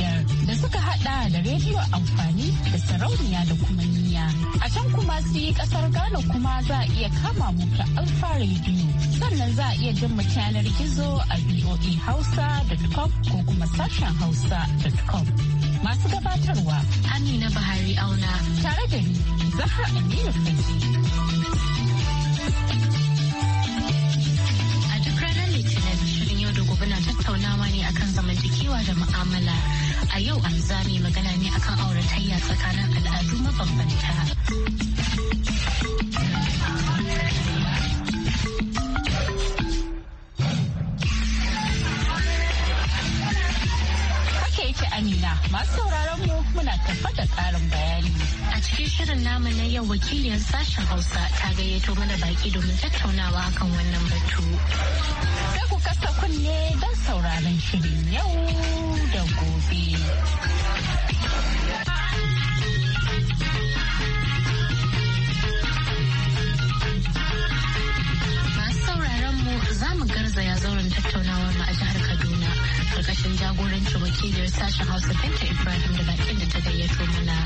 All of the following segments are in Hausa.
yar da suka hada da rediyo amfani da sarauniya da kuma niya. A can kuma su yi kasar Ghana kuma za a iya kama mu ta Alfa Radio. Sannan za a iya jin mu yanar gizo a hausa VOA Hausa.com ko kuma sashen hausa Hausa.com. Masu gabatarwa Amina Bahari Auna tare da ni Zahra Aminu na tattaunawa ne akan zamantakewa da mu'amala a yau an zame magana ne akan auratayya tsakanin al'adu mabambanta. Amina masu sauraron mu muna tafa da bayani. A cikin shirin namu na yau wakiliyar sashen Hausa ta gayyato mana baki domin tattaunawa kan wannan batu. Sai ku kasa sauraron shirin yau da gobe. Masu sauraron mu za mu garzaya zauren tattaunawar mu a jihar Kaduna. karkashin jagorancin Wakilin sashen hausa Binta Ibrahim da bakin da ta gayyato mana.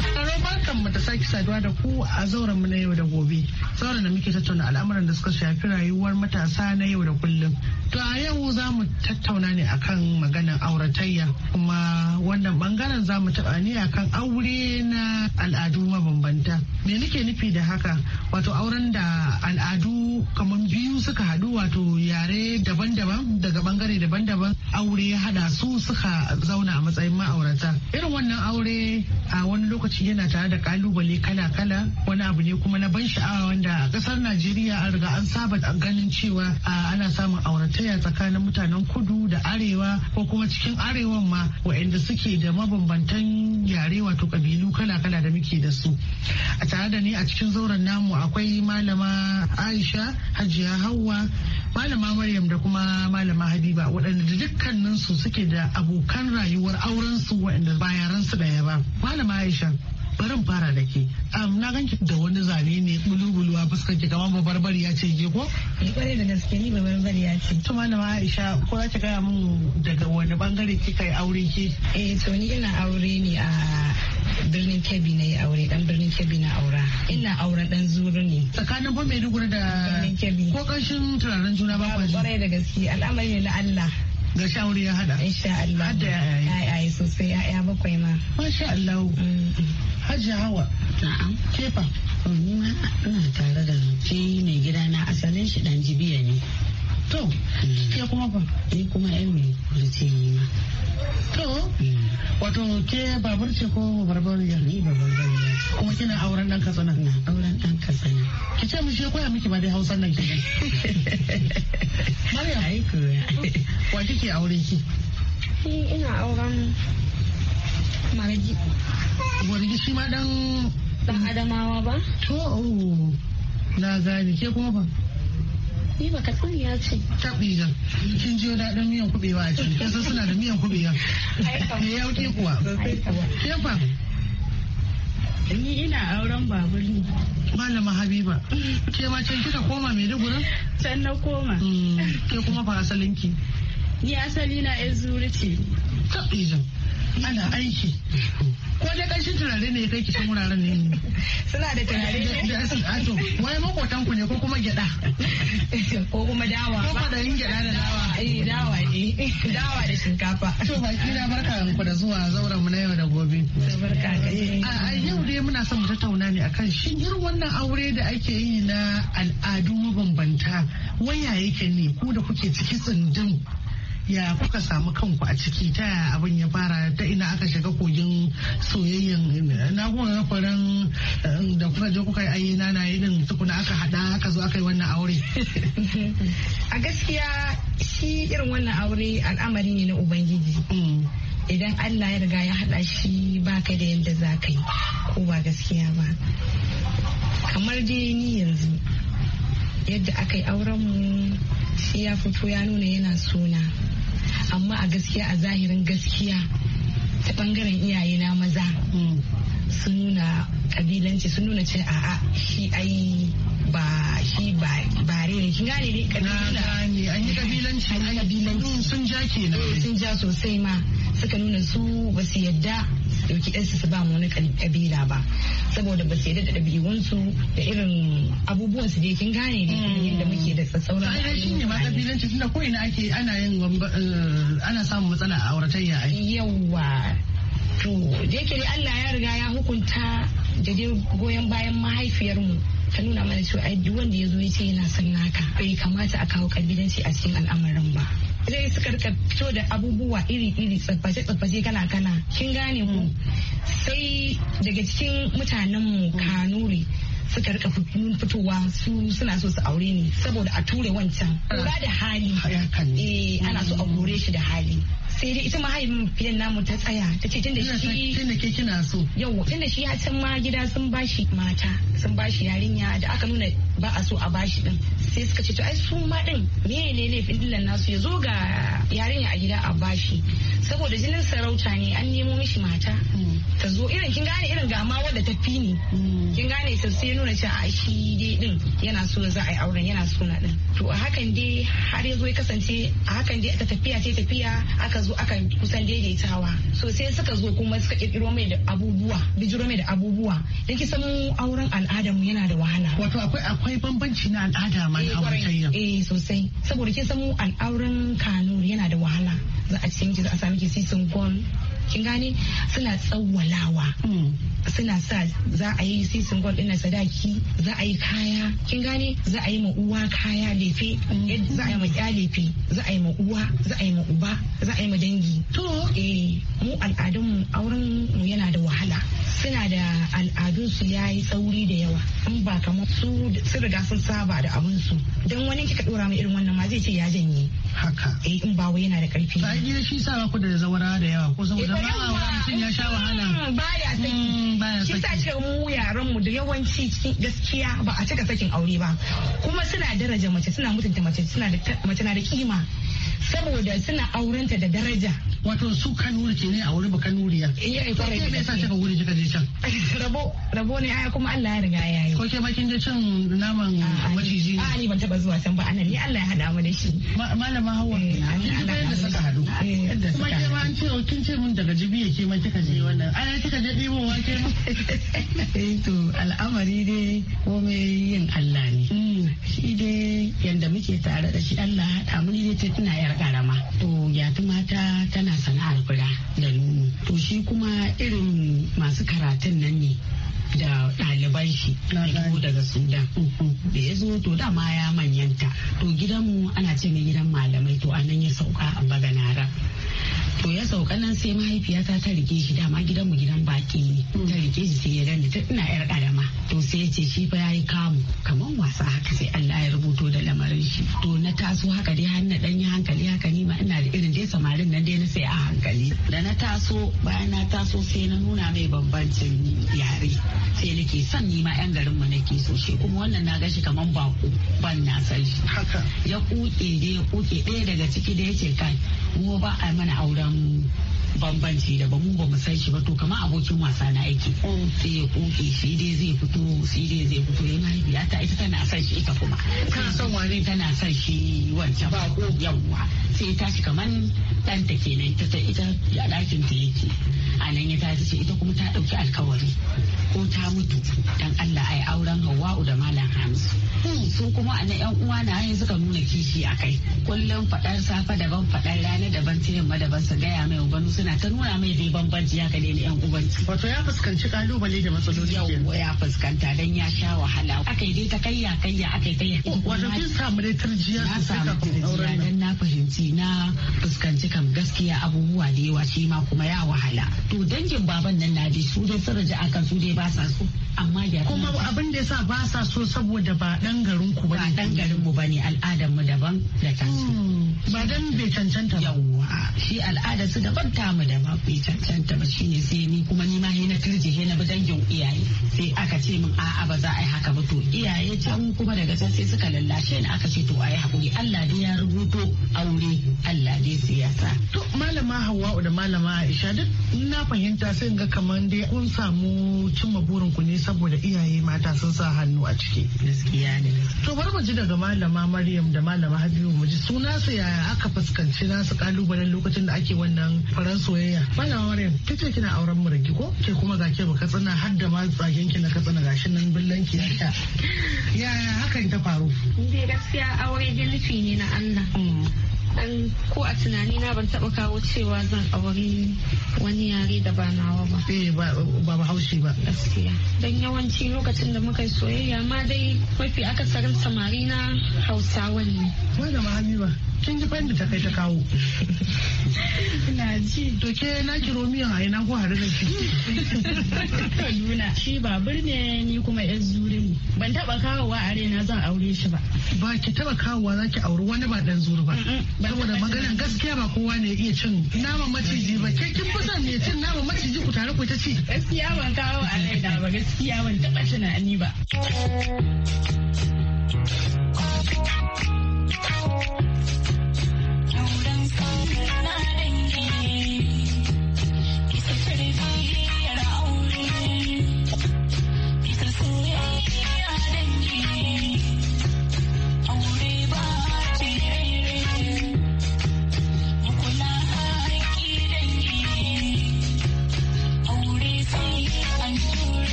Sauran barkan mu ta sake saduwa da ku a zauren mu na yau da gobe. Sauran da muke tattauna al'amuran da suka shafi rayuwar matasa na yau da kullum. To a yau za mu tattauna ne akan maganar auratayya kuma wannan bangaren za mu taɓa ne akan aure na al'adu mabambanta. Me nake nufi da haka? Wato auren da al'adu kamar biyu suka haɗu wato yare daban-daban daga bangare daban-daban aure ya hada su suka zauna a matsayin ma'aurata irin wannan aure a wani lokaci yana tare da kalubale kala-kala wani abu ne kuma na ban sha'awa wanda a kasar najeriya a riga an saba ganin cewa ana samun auratayya tsakanin mutanen kudu da arewa ko kuma cikin arewan ma waɗanda suke da mabambantan yare wato kabilu kala-kala da muke da su a tare da ni a cikin zauren namu akwai malama aisha hajiya hawa malama maryam da kuma malama habiba waɗanda dukkan su suke da abokan rayuwar aurensu waɗanda ba yaransu ya ba. Malama Aisha, barin fara da ke na ganki da wani zane ne bulubulu a fuskar ki kamar ba barbari ya ce ke ko ni eh, kware da gaske ni ba barbari ya ce to malama Aisha ko za ki gaya mun daga wani bangare kika yi aure ki eh to ni ina aure ne a birnin Kebbi na yi aure dan birnin Kebbi na aura ina aure dan zuru ne tsakanin ba Maiduguri da birnin Kebbi ko kanshin turaren juna ba ba da gaske al'amari ne na Allah ga shawari ya hada insha Allah hada yayaye sosai yaya bakwai ma masha Allah hajji hawa na'am kefa ina tare da shi mai gida na asalin shi dan jibiya ne to ke kuma ba ni kuma yan mai kurce ne ma to hmm. wato ke babur ce ko barbar ya ni babur ba kuma kina auren dan kasana? na auren dan kasana. ki ce mu shi koya miki ba dai hausan nan kenan Maryam ai ko wa kike auren ki ni ina auren marigi wargi shi ma dan dan adamawa ba to oh, na gani ke kuma ba Ni baka sani ya ce. Taɓi ga. Kin jiyo daɗin miyan kuɓewa a ciki. Yanzu suna da miyan kuɓewa. Me yauƙi kuwa. Kefa. Ni ina auren babur ne. Malama Habiba. Ke ma can kika koma mai Maiduguri? Can na koma. Hmm, ke kuma fa asalinki. Ni asali na Ezuri ce. Taɓi ana aiki ko dai shi turare ne ya kai kishin wuraren ne suna da turare ne wai makotan ku ne ko kuma gyada ko kuma dawa ko yin gyada da dawa eh dawa ne dawa da shinkafa to baki na barka ku da zuwa zauren mu na yau da gobe barka a yau dai muna son mu tattauna ne akan shin irin wannan aure da ake yi na al'adu mabambanta waya yake ne ku da kuke cikin tsindin ya kuka samu kanku a ciki ta abin ya fara ta ina aka shiga kogin soyayyen na kuma faran eh, da kuka je kuka yi ayyana na irin tukuna aka hada aka zo aka yi wannan aure a gaskiya shi irin wannan aure al'amari ne na ubangiji mm. idan Allah ya riga ya hada shi baka da yadda za ka yi ko ba gaskiya ba kamar dai ni yanzu yadda aka yi auren mu. shi ya fito ya nuna yana suna amma a gaskiya a zahirin gaskiya ta bangaren iyaye na maza hmm. sun nuna kabilanci sun nuna ce a'a shi ai ba shi bare ne kin gane ne kabilanci an yi kabilanci sun ja kenan eh, sun ja sosai ma suka nuna su ba su yadda dauki ɗansu su ba mu wani kabila ba saboda ba su yadda da ɗabi'unsu da irin abubuwan su dai kin gane ne yadda muke da tsatsauran shi ne ma kabilanci tunda ko ina ake ana yin eh, ana samun matsala a auratayya yawa to da yake Allah ya riga ya hukunta da dai goyon bayan mahaifiyarmu ta nuna mana cewa duk wanda ya zo ya ce yana son naka bai kamata a kawo kabilanci a cikin al'amarin ba zai suka fito da abubuwa iri-iri tsafface-tsafface kala-kala kin gane mu sai daga cikin mutanenmu kanuri suka rika fitowa su suna so su aure ni saboda a ture wancan kura da hali eh ana so a mm. kore shi da hali sai dai ita mahaifiyar namu ta tsaya ta ce tunda shi tunda ke kina so yau tunda shi ya can ma gida sun bashi mata sun bashi yarinya da aka nuna ba a so a bashi din sai suka ce to ai su ma din me ne laifin dillan nasu ya zo ga yarinya a gida a bashi saboda jinin sarauta ne an nemo mishi mata mm. ta zo irin kin gane irin gama wadda ta fi ne. Mm. kin gane sai nuna cewa shi dai din yana so za a yi auren yana so na din to a hakan dai har yanzu ya kasance a hakan dai ta tafiya ta tafiya aka zo aka kusan daidaitawa so sai suka zo kuma suka kirkiro mai da abubuwa bijiro mai da abubuwa da ki san auren al'adar mu yana da wahala wato akwai akwai bambanci na al'ada ma na eh, eh sosai saboda kin san mu al'auren kanuri yana da wahala za a ce miki za a sami ki sisin gon kin gane suna tsawwalawa hmm. suna sa za a yi sisin gwal ɗin sadaki za a yi kaya kin gane za a yi ma uwa kaya lefe hmm. za a yi ma ya lefe za a yi ma uwa za a yi ma uba za a yi ma dangi to eh mu al'adunmu auren mu yana da wahala suna da al'adun su yi tsauri da yawa in ba kamar su sun riga sun saba da abun su don wani kika dora mai irin wannan ma zai ce ya janye haka eh in ba wai yana da karfi ba gida shi sa ku da zawara da yawa ko saboda ba mutum ya sha wahala eh, baya saki mm, shi sa ce mu yaran mu da yawanci gaskiya ba a cika sakin aure ba kuma suna daraja mace suna mutunta mace suna da mace na da kima saboda suna aurenta da daraja wato su kanuri ce ne a wuri ba eh, ya. iya ita rai ke. yasa kika wuri jika je rabo rabo ne aya kuma Allah ya riga ya yi ko ke makin kin naman maciji a ni ban taba zuwa san ba anan ni Allah ya hada mu da shi malama hawa eh, ne da saka hadu kuma eh, ke ma an ce oh, kin ce mun daga ana kika je ɗibo wake ma eh to al'amari dai komai yin Allah ne mm. shi dai yadda muke tare da shi Allah haɗa mu ne ta tana yar karama to ya mata tana sana'ar fura da nunu. to shi kuma irin masu karatun nan ne da ɗaliban shi daga sudan mm-hmm. da ya zo to dama ya manyanta to gidanmu ana ce mai gidan malamai to anan ya sauka a baganara to ya sauka nan sai mahaifiyata ta rike shi dama gidanmu gidan baki ne ta rike shi sai ya gani ta ina yar karama to sai ce shi fa yayi kamu kaman wasa haka sai Allah ya rubuto da lamarin shi to na taso haka dai har na dan yi hankali haka ni ma ina da irin dai samarin nan dai na sai a hankali da na taso bayan na taso sai na nuna mai bambancin yare sai nake son ni ma yan garinmu nake so shi kuma wannan na gashi kaman bako ban na san shi ya kuke dai ya kuke ɗaya daga ciki da yace kai mu ba a mana auren bambanci da ba mu ba mu san shi ba to kaman abokin wasa na aiki mm. sai ya kuke shi dai zai fito shi dai zai fito ya mahaifiya ta ita tana son shi ita kuma tana son wani tana son shi wancan ba ko yawwa sai ta shi kamar ɗanta kenan ita ta ita a dakin ta yake a nan ya ta ce ita kuma ta ɗauki alkawari ko ta mutu dan Allah ai auren Hawwa'u da Malam Hamisu su kuma a yan uwa na yanzu suka nuna kishi a kai kullum faɗar safa daban faɗar rana daban ta yamma daban su gaya mai ubanu suna ta nuna mai zai bambanci Ya ga na yan ubanci wato ya fuskanci kalubale da matsaloli yau ya fuskanta dan ya sha wahala aka yi dai ta kayya kayya aka yi kayya oh, wato kin samu dai tarjiya na samu tarjiya dan na fahimci na fuskanci kam gaskiya abubuwa da yawa shi ma kuma ya wahala to dangin baban nan na dai su dai sun raja akan su dai ba sa so amma kuma abin da yasa ba sa so saboda ba dan garin ku ba ne garin mu al'adar daban da kansu. Hmm. Ba dan bai cancanta ba. Yawwa shi al'ada su daban mu da ba bai cancanta ba ne sai ni kuma ni ma na turje he na bi dangin iyaye sai aka ce min a'a ba za a yi haka ba to iyaye can kuma daga can sai suka lallashe ni aka ce to a yi hakuri Allah dai ya rubuto aure Allah dai siyasa. To malama Hawwa'u da malama Aisha duk na fahimta sai ga kamar dai kun samu cimma burin ku ne saboda iyaye mata sun sa hannu a ciki. Gaskiya ne. To bari mu ji daga malama Maryam da malama Habibu mu ji su yaya aka fuskanci nasu kalubalen lokacin da ake wannan faran soyayya. Malama Maryam kace kina auren murgi ko ke kuma ga ke baka tsana har da ma tsagen ki na katsina gashin nan billan ki ya Yaya hakan ta faru? Ni gaskiya aure gilfi ne na Allah. Hmm. an ko a tunani na ban taba kawo cewa zan auri wani yare da ba nawa ba eh ba ba haushi ba gaskiya dan yawanci lokacin da muka yi soyayya ma dai mafi akasarin samari na hausawa ne wanda ma ba kin ji fahimta ta kai ta kawo ina ji to ke na kiro miyan a ina ko har da shi shi babur ne ni kuma yan zure ne ban taba kawowa a rena zan aure shi ba ba ki taba kawowa za ki auri wani ba dan zuru ba saboda maganan gaskiya ba kowa ne iya cin nama maciji ba ke kin fi son ne cin naman maciji ku tare ku ta ci gaskiya ban kawo a rena ba gaskiya ban taba tunani ba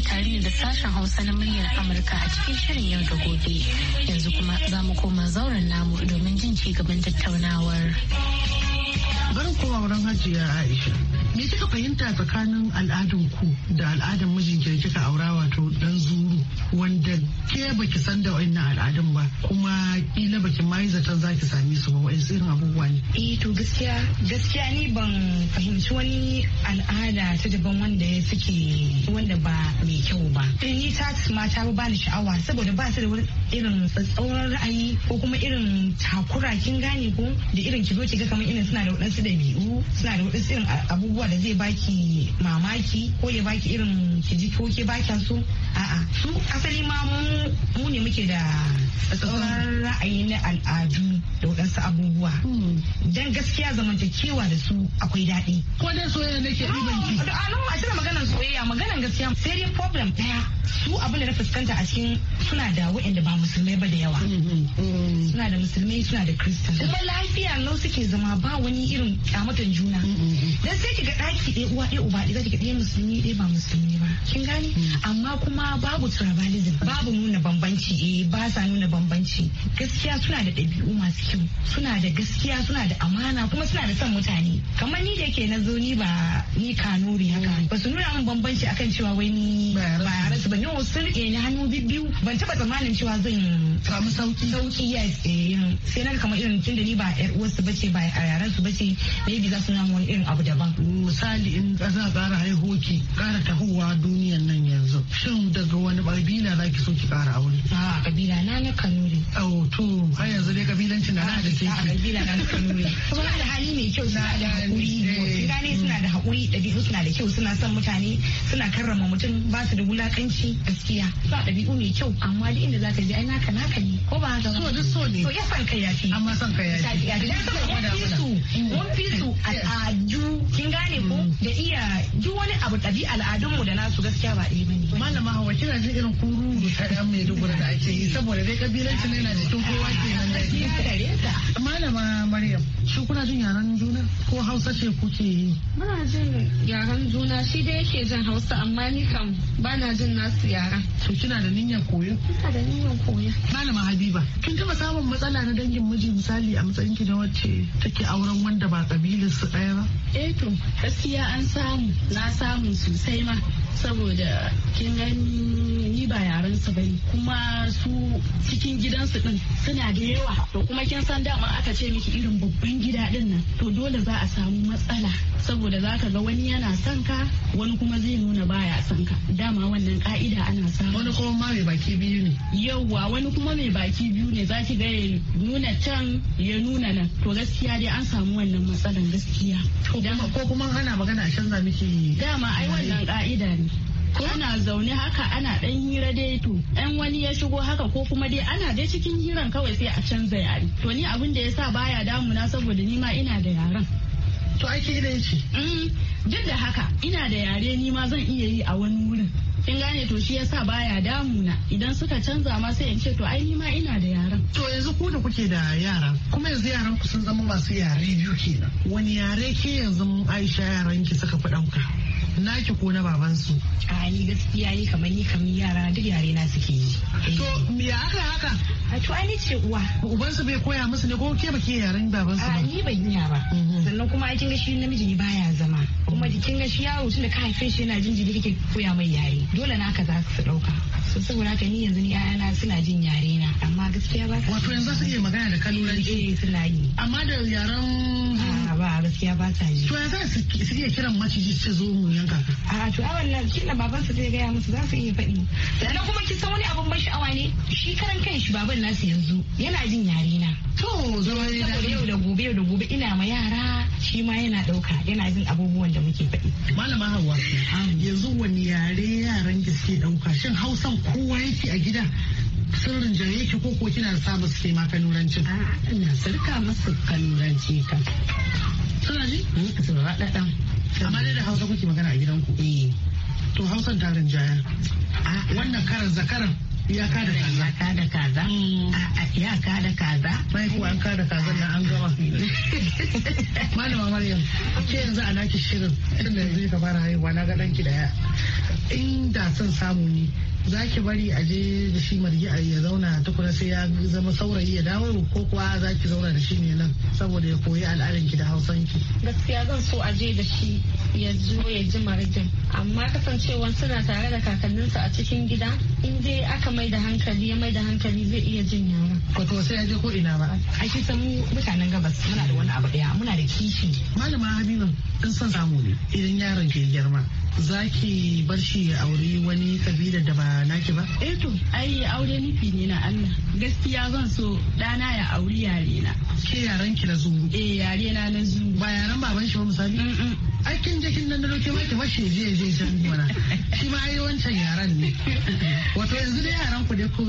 kuna tare da sashen Hausa na muryar Amurka a cikin shirin yau da gobe. Yanzu kuma za mu koma zauren namu domin jin ci gaban tattaunawar. Bari koma wurin hajiya Aisha. Me kika fahimta tsakanin al'adun ku da al'adun mijinki da kika aura wato dan zuru wanda ke baki san da wannan al'adun ba kuma kila baki ma yi zaton zaki same su ba wai irin abubuwa ne. Eh to gaskiya gaskiya ni ban fahimci wani al'ada ta daban wanda ya suke wanda ba mai kyau ba. Eh, ni ta mata ba ni sha'awa saboda ba su da wani irin tsatsauran ra'ayi ko kuma irin takura kin gane ko da irin ki zo ki ga kamar irin suna da waɗansu dabi'u suna da waɗansu irin abubuwa wanda zai baki mamaki ko ya baki irin kiji ko ke baki a'a su asali ma mu ne muke da tsoron ra'ayi na al'adu da waɗansu abubuwa hmm. dan gaskiya zamantakewa da su akwai daɗi ko dai soyayya nake ke ki ah, ah, a cire maganar soyayya maganar gaskiya sai dai problem ɗaya su abin da na fuskanta a cikin suna da waɗanda ba musulmai ba da yawa hmm, hmm, suna da musulmai suna da kristan kuma lafiya lau suke zama ba wani irin kyamatan juna dan sai kiga Daki ɗaya uwa ɗaya uba ɗaya zaki ga ɗaya musulmi ɗaya ba musulmi ba kin gane hmm. amma kuma babu tribalism babu nuna bambanci eh ba sa nuna bambanci gaskiya suna da ɗabi'u masu kyau suna da gaskiya suna da amana kuma suna da son mutane kamar ni da yake na zo ni ba ni kanuri haka hmm. ba su nuna min bambanci akan cewa wai ni ba rasu ba ni sun rike ni hannu bibbiyu ban taba tsammanin cewa zan samu sauki sauki yes eh, sai na kamar irin tunda ni ba yar uwarsu bace ba yaran su bace maybe za su nuna wani irin abu daban hmm. misali in za a ƙara haihoki ƙara tahowa duniyan nan yanzu shin daga wani ƙabila za ki so ki ƙara aure. a ƙabila na na kanuri. oh to har yanzu dai ƙabilanci na da ke a ƙabila na na kanuri. kuma da hali mai kyau suna da haƙuri eh. gane suna da haƙuri ɗabi'u suna da kyau suna son mutane suna karrama mutum ba su da wulaƙanci gaskiya ba ɗabi'u mai kyau amma duk inda za ka je ai naka naka ne ko ba haka so duk so ne to ya san kai ya fi amma san kai ya fi ya fi su mun fi su al'adu kin gane ne ko da iya duk wani abu ɗabi al'adunmu da nasu gaskiya ba ɗaya bane malama hawa kina jin irin kuru da ɗan mai dubura da ake yi saboda dai ƙabilanci ne na cikin kowa ke nan da malama maryam shi kuna jin yaren juna ko hausa ce kuke yi muna jin yaren juna shi dai yake jin hausa amma ni kam ba na jin nasu yaren to kina da niyyar koyo kina da niyyar koyo malama habiba kin taba samun matsala na dangin miji misali a matsayin ki da wacce take auren wanda ba kabilar ɗaya ba eh to gaskiya an samu na samu sosai ma saboda kin gani ba yaren su bane kuma su cikin gidansu din suna da yawa to kuma kin san dama aka ce miki irin babban gida din nan to dole za a samu matsala saboda za ka ga wani yana son ka wani kuma zai nuna baya son ka dama wannan ka'ida ana samu wani kuma ma mai baki biyu ne yawwa wani kuma mai baki biyu ne za ki ga ya nuna can ya nuna nan to gaskiya dai an samu wannan matsalan gaskiya ko kuma kuma ana magana a canza miki dama ai wannan ka'ida ne ko ana zaune haka ana dan hira dai to ɗan wani ya shigo haka ko kuma dai ana dai cikin hiran kawai sai a canza yare to ni abin da yasa baya damuna saboda ni ma ina da yaren to ake ina yace. Mm, duk da haka ina da yare ni ma zan iya yi a wani wurin kin gane to shi yasa baya damuna idan suka canza ma sai in ce to ai ma ina da yaran to yanzu ku da kuke da yara kuma yanzu yaran ku sun zama masu yare biyu kenan wani yare ke yanzu Aisha yaran ki suka fi dauka naki ko na babansu a ni gaskiya ni kamar ni kamar yara duk yare na suke yi eh. to me aka haka a to ai ce uwa Uban su bai koya musu ne ko ke ba ke baban su ba ni ban yi ba mhm. sannan kuma aikin shi namiji ne baya zama kuma jikin na shi yawo tun da ka haife shi yana jin kake koya mai yare dole naka za su dauka so saboda haka ni yanzu ni ayana suna jin yare na amma gaskiya ba wato yanzu su iya magana da kaluranci eh suna yi amma da yaren ba gaskiya ba ta yi to ya za su iya kiran maciji su zo mu yanka a to a wannan kila baban su zai gaya musu za su iya faɗi sannan kuma ki san wani abun ban sha'awa ne shi karan kan shi baban nasu yanzu yana jin yare na to zo ne da yau da gobe yau da gobe ina ma yara shi ma yana dauka yana jin abubuwan da muke faɗi. Malama Hauwa, yanzu wani yare yaran da suke ɗauka shin Hausan kowa yake a gida sirrin jaye yake ko ko kina sa masu ke ma kanurancin? A'a ina sarka musu kanuranci kan. Suna ji? Ni hmm, ka ɗaɗan. Amma dai da Hausa kuke magana a gidanku? Eh. To Hausan ta rinjaya. Wannan karan zakaran Iyaka da kaza. Iyaka da kaza. Mm. Iyaka da kaza. Bai kuwa an kada kaza na an gama. Malama Maryam, ke yanzu a naki shirin tun da zai ka fara haihuwa na ga danki da Inda son samu ne za ki bari a je da shi margi ya zauna tukuna sai ya zama saurayi ya dawo ko kuwa za ki zauna da shi ne nan saboda ya koyi al'adanki da hausanki. Gaskiya zan so a je da shi ya zo ya ji margin amma kasancewa suna tare da kakanninsa a cikin gida in dai aka mai da hankali ya mai da hankali zai iya jin yara. Kwato sai ya je ko ina ba. A ki san mutanen gabas muna da wani abu daya muna da kishi. Malama Habiba in son samu ne idan yaron ke girma za ki bar shi ya auri wani kabilar da ba naki ba? Eh to, ai aure nufi ne na Allah. Gaskiya zan so ɗana ya auri yare na. Ke yaren ki na zungu. Eh yare na na zungu. Ba yaren baban shi ba misali? aikin jikin nan da dauke mai ta bashi zai zai san gona shi ma ai wancan yaran ne wato yanzu da yaran ku dai ko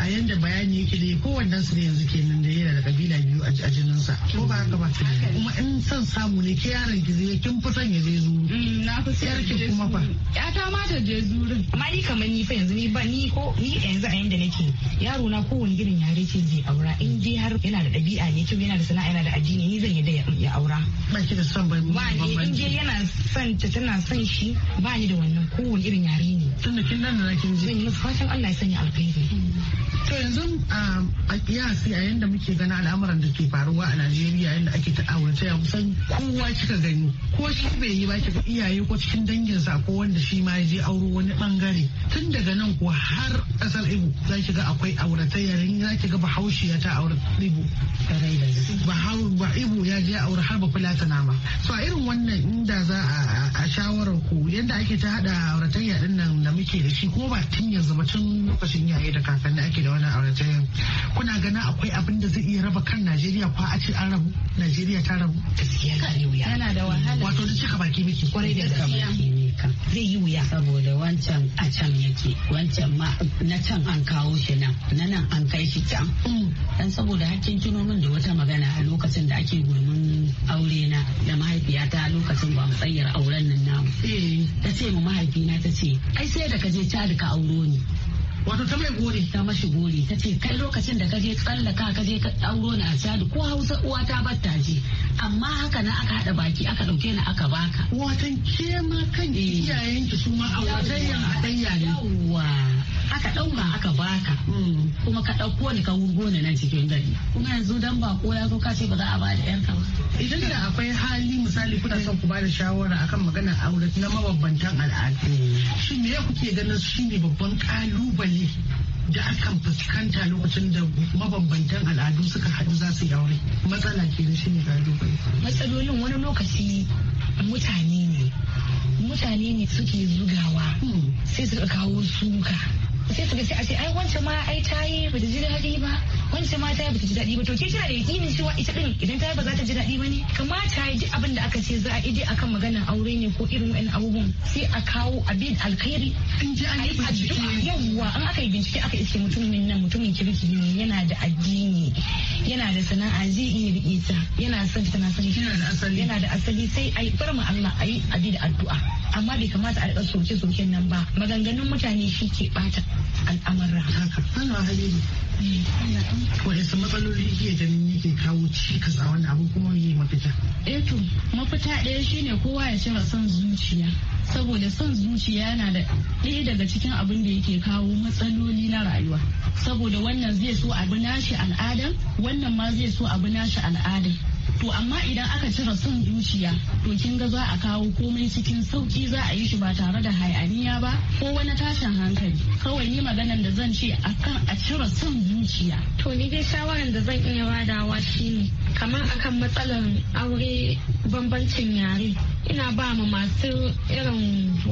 a yanda bayani yake dai wannan su ne yanzu kenan da yana da kabila biyu a jinin sa ko ba haka ba kuma in son samu ne ke yaran ki zai kin fi son ya zai zuru mm, na fi son yar ki kuma fa ya ta ma ta je zurin amma ni kamar ni fa yanzu ni ba ni ko ni yanzu a yanda nake yaro na ko wani irin yare ce zai aura in dai har yana da ɗabi'a ne kyau yana da sana'a yana da addini ni zan yi da ya aura ba ki da son ba ne in yana son ta tana son shi ba ni da wannan kowane irin yare ne tun da kin nan da kin ji zan yi fatan Allah ya sanya alkhairi to yanzu um, a kiyasi a yanda muke gani al'amuran da ke faruwa a Najeriya yanda ake ta aurace ya kusan kowa kika gani ko shi bai yi ba kika iyaye ko cikin danginsa ko wanda shi ma ya je auro wani bangare tun daga nan kuwa har kasar Igbo za ki ga akwai auratayya za ki ga Bahaushiya ta aure Igbo ba Igbo ya je aure har ba fulata nama so a irin irin wannan inda za a shawarar ku yadda ake ta hada auratayya din nan da muke da shi ko ba tun yanzu ba tun lokacin yaye da kakanni ake da wannan auratayya kuna ganin akwai abin da zai iya raba kan Najeriya ko a ce an rabu Najeriya ta rabu gaskiya yana da wahala wato duk cika baki miki kwarai da gaskiya kan zai yi wuya saboda wancan a can yake wancan ma na can an kawo shi nan na nan an kai shi can mm. dan saboda hakkin tunomin min da wata magana a lokacin da ake gurmin aure na da mahaifiyata a lokacin ba mu tsayar auren nan namu eh. ta ce mu mahaifina ta ce ai sai da ka je cadi ka auro ni wato ta mai gori ta mashi gori ta ce kai lokacin da kaje tsallaka je ka auro ni a cadi ko hausa uwa ta batta je haka nan aka haɗa baki aka ɗauke ni aka baka. Watan ke ma kan eh. iyayenki su ma a wajen haɗayya ne. Yawwa. Aka ɗauka aka baka. Mm. Kuma ka ɗauko ni ka wurgo ni nan cikin gari. Kuma yanzu dan ba ko ya zo ka ce ba za a ba da ƴanka ba. Idan da akwai hali misali kuna son ku ba da shawara akan maganar aure na mababbantan al'adu. Eh. Shin me kuke ganin shi ne babban ƙalubale da akan fuskanta lokacin da mabambantan al'adu suka haɗu za su yi aure matsala ke da shi ne matsalolin wani lokaci mutane ne mutane ne suke zugawa hmm. sai suka kawo suka sai su ga sai a ce ai wancan ma ai ta yi bata ji daɗi ba wancan ma ta yi bata ji daɗi ba to ke kina da yakinin cewa ita din idan ta yi ba za ta ji daɗi ba ne kamata yi duk abin da aka ce za a ide akan maganar aure ne ko irin wa'in abubuwan sai a kawo abin alkhairi in ji an yi bincike yawwa an aka yi bincike aka iske mutumin nan mutumin kirki ne yana da addini yana da sana'a zai iya riƙe ta yana son tana son yana da asali yana da asali sai ai bar mu Allah ai abi da addu'a amma bai kamata a riƙa soke soken nan ba maganganun mutane shi ke bata al'amarra haka Allah halili eh. matsaloli iya ganin yake kawo cikas a wannan abu kuma yi mafita eh to mafita ɗaya shine kowa ya cire son zuciya saboda son zuciya yana da ɗaya daga cikin abin da yake kawo matsaloli na rayuwa saboda wannan zai so abu nashi al'adan wannan ma zai so abu nashi al'adan to amma idan aka cire son zuciya to kin ga za a kawo komai cikin sauki za a yi shi ba tare da hayaniya ba ko wani tashin hankali kawai ni maganan da zan ce akan a cire son zuciya to ni dai shawaran da zan iya badawa shine kamar akan matsalar aure bambancin yare ina ba mu masu irin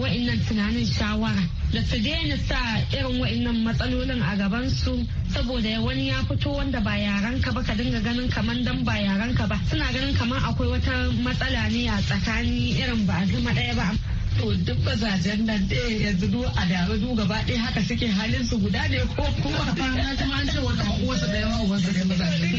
wa'innan tunanin shawara da su daina sa irin wa'innan matsalolin a gabansu saboda wani ya fito wanda ba ka ba ka dinga ganin kaman dan ba ka ba suna ganin kamar akwai wata matsala ne a tsakani irin ba a zama ɗaya ba to duk bazajen nan ɗaya yanzu du a dawo du gaba ɗaya haka suke halin su guda ne ko kuma na kuma an ce wata uwarsa da yawa uwarsa da mazajen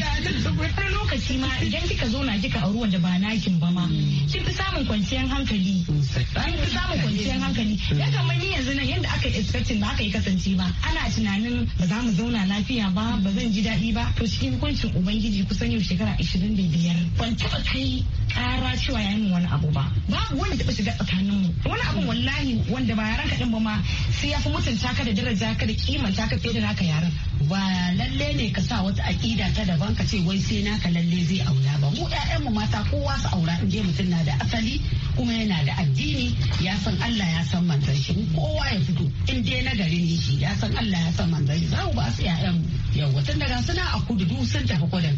lokaci ma idan kika zo na kika auri wanda ba nakin ba ma kin fi samun kwanciyar hankali kin fi samun kwanciyar hankali ya kamar ni yanzu nan yanda aka expectin ba aka yi kasance ba ana tunanin ba za mu zauna lafiya ba ba zan ji daɗi ba to cikin hukuncin ubangiji kusan yau shekara 25 ban taɓa kai ƙara cewa yayin wani abu ba babu wanda taɓa shiga tsakaninmu wani abin wallahi wanda ba yaran kaɗin ba ma sai ya fi mutunta ka da daraja ka da kimanta ka fiye da naka yaran. Ba lalle ne ka sa wata aƙida ta daban ka ce wai sai naka lalle zai aura ba. Mu mu mata kowa su aura in je mutum na da asali kuma yana da addini ya san Allah ya san manzon shi kowa ya fito in dai na gari ne shi ya san Allah ya san manzon shi za mu ba su ƴaƴanmu. yau tun daga suna a kudu duk sun tafi kudin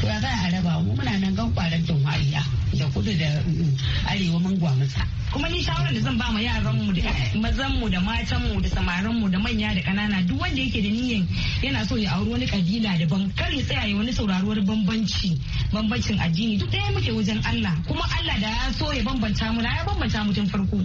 to ya a raba mu muna nan gan kwarar dumariya da kudu da mm, arewa mun gwamnata kuma ni shawarar da zan ba ma yaran mu da mazan mu da matan mu da samaran mu da manya da kanana duk wanda yake da niyyar yana so ya auri wani kabila daban kar ya tsaya ya wani sauraruwar bambanci bambancin addini duk ɗaya muke wajen Allah kuma Allah da ya so ya bambanta mu ya bambanta mu tun farko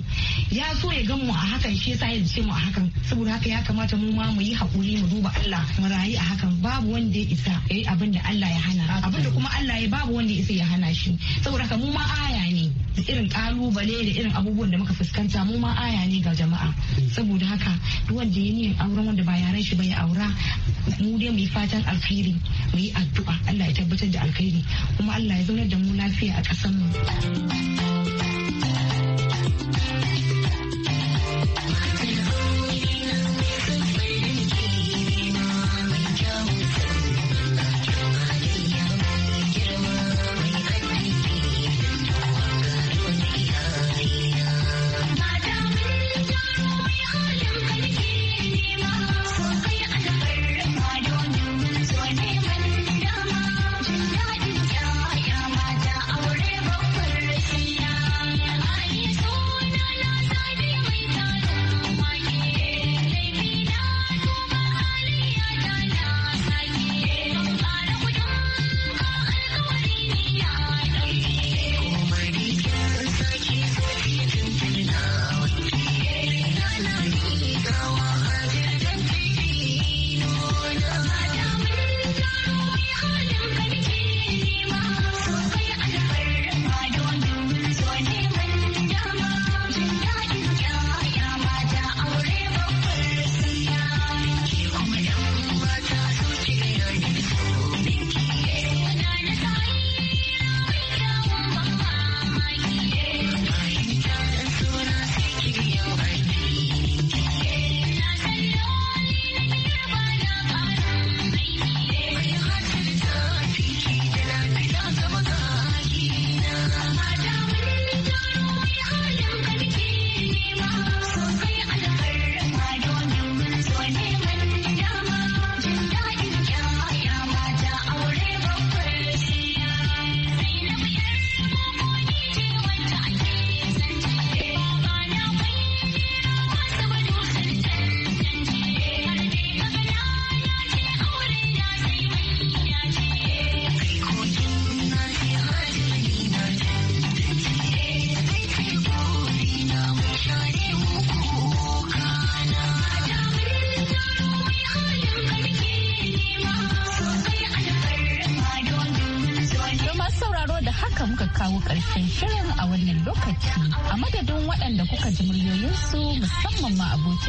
ya so ya gan mu a hakan shi yasa ya ce mu a hakan saboda haka ya kamata mu ma mu yi hakuri mu duba Allah mu rayu a hakan babu wanda ya isa ya yi abin da Allah ya hana abin da kuma Allah ya babu wanda ya isa ya hana shi saboda haka mu ma aya ne irin kalubale da irin abubuwan da muka fuskanta mu ma aya ne ga jama'a saboda haka duk wanda ya niyan auren wanda ba yaran shi ba ya aura mu dai mu yi fatan alkhairi mu yi addu'a Allah ya tabbatar da alkhairi kuma Allah ya zaunar da mu lafiya a ƙasar mu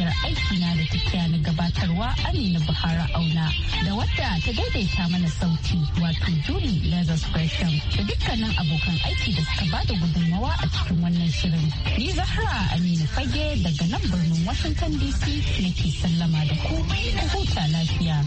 aiki aikina da tafiya na gabatarwa Amina Buhari Auna da wadda ta daidaita mana sauti wato Julie Lazarus Gresham da dukkanin abokan aiki da suka ba da gudunmawa a cikin wannan shirin. Ni Zahra Aminu Fage daga nan birnin Washington DC nake sallama da ku ku huta lafiya.